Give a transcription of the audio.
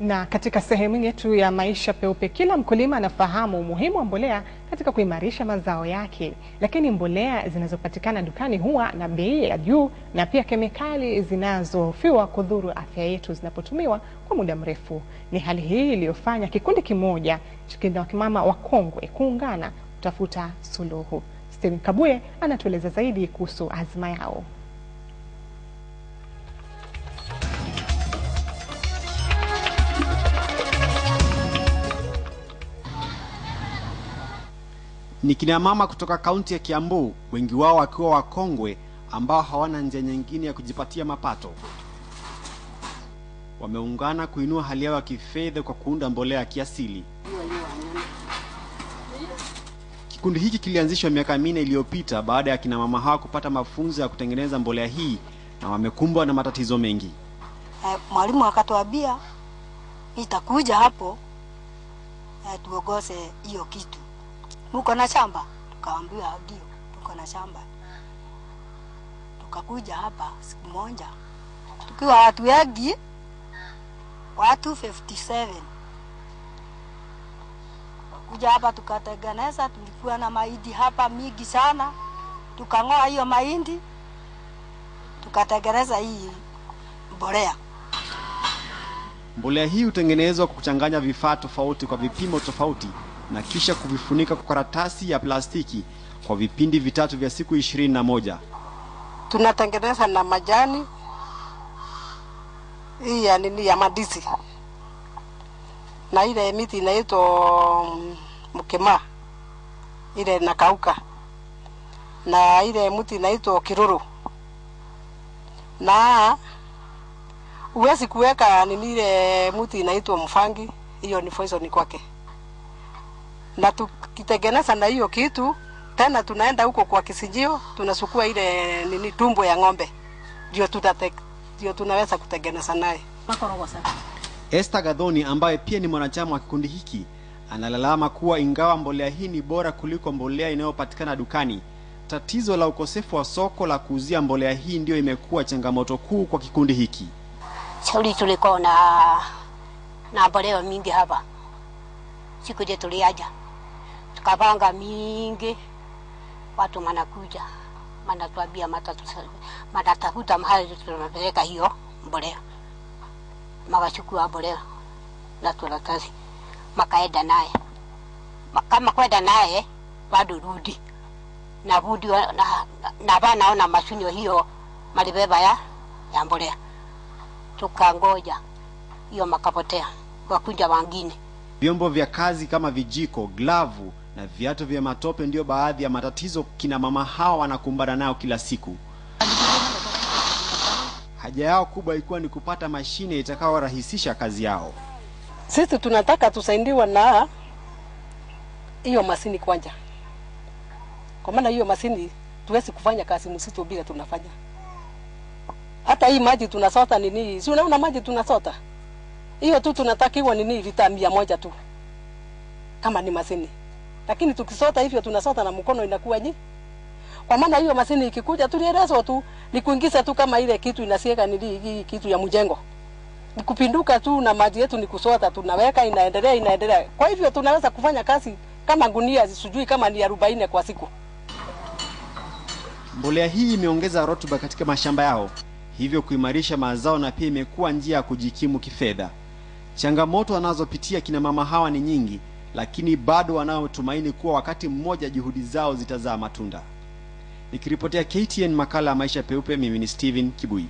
Na katika sehemu yetu ya maisha peupe, kila mkulima anafahamu umuhimu wa mbolea katika kuimarisha mazao yake, lakini mbolea zinazopatikana dukani huwa na bei ya juu na pia kemikali zinazohofiwa kudhuru afya yetu zinapotumiwa kwa muda mrefu. Ni hali hii iliyofanya kikundi kimoja cha wakimama wakongwe kuungana kutafuta suluhu. stehen Kabuye anatueleza zaidi kuhusu azma yao. Ni kina mama kutoka kaunti ya Kiambu, wengi wao wakiwa wakongwe ambao hawana njia nyingine ya kujipatia mapato. Wameungana kuinua hali yao ya kifedha kwa kuunda mbolea ya kiasili. Kikundi hiki kilianzishwa miaka minne iliyopita baada ya kina mama hawa kupata mafunzo ya kutengeneza mbolea hii na wamekumbwa na matatizo mengi. Eh, mwalimu akatuambia itakuja hapo eh, tuogose hiyo kitu muko na shamba? Tukaambiwa ndio, tuko na shamba. Tukakuja hapa siku moja tukiwa watu wengi, watu 57 kuja hapa tukatengeneza. Tulikuwa na mahindi hapa mingi sana, tukang'oa hiyo mahindi tukatengeneza hii mbolea. Mbolea hii hutengenezwa kwa kuchanganya vifaa tofauti kwa vipimo tofauti na kisha kuvifunika kwa karatasi ya plastiki kwa vipindi vitatu vya siku ishirini na moja. Tunatengeneza na majani hii ya nini ya madizi na ile miti inaitwa mm, mkema ile nakauka na ile mti inaitwa kiruru na uwezi kuweka nini ile mti inaitwa mfangi, hiyo ni poison kwake na tukitengeneza na hiyo kitu tena, tunaenda huko kwa kisijio tunasukua ile nini tumbo ya ng'ombe ndio ndio tunaweza kutengeneza naye. Esta Gadhoni ambaye pia ni mwanachama wa kikundi hiki analalama kuwa ingawa mbolea hii ni bora kuliko mbolea inayopatikana dukani, tatizo la ukosefu wa soko la kuuzia mbolea hii ndiyo imekuwa changamoto kuu kwa kikundi hiki. Shauri tulikuwa na na mbolea mingi hapa Siku je tuliaja tukapanga mingi, watu manakuja manatuambia manatafuta mahali tunapeleka hiyo mbolea, mawachukua mbolea na turatasi makaenda naye, kama kwenda naye bado rudi na rudi na, na banaona mashunyo hiyo malibeba ya, ya mbolea, tukangoja hiyo makapotea, wakunja wangine Vyombo vya kazi kama vijiko, glavu na viatu vya matope ndio baadhi ya matatizo kina mama hawa wanakumbana nayo kila siku. Haja yao kubwa ilikuwa ni kupata mashine itakayorahisisha kazi yao. Sisi tunataka tusaidiwa na hiyo masini kwanja, kwa maana hiyo masini tuwezi kufanya kazi msitu bila tunafanya. Hata hii maji tunasota nini, si unaona maji tunasota hiyo tu tunatakiwa nini, lita mia moja tu kama ni masini, lakini tukisota hivyo tunasota na mkono inakuwa nyi. Kwa maana hiyo masini ikikuja, tulielezwa tu ni kuingiza tu kama ile kitu inasiega nili hii kitu ya mjengo ni kupinduka tu, na maji yetu ni kusota, tunaweka inaendelea, inaendelea. Kwa hivyo tunaweza kufanya kazi kama gunia zisijui kama ni 40 kwa siku. Mbolea hii imeongeza rutuba katika mashamba yao, hivyo kuimarisha mazao na pia imekuwa njia ya kujikimu kifedha. Changamoto wanazopitia kina mama hawa ni nyingi, lakini bado wanaotumaini kuwa wakati mmoja juhudi zao zitazaa matunda. Nikiripotea KTN makala ya maisha peupe, mimi ni Steven Kibui.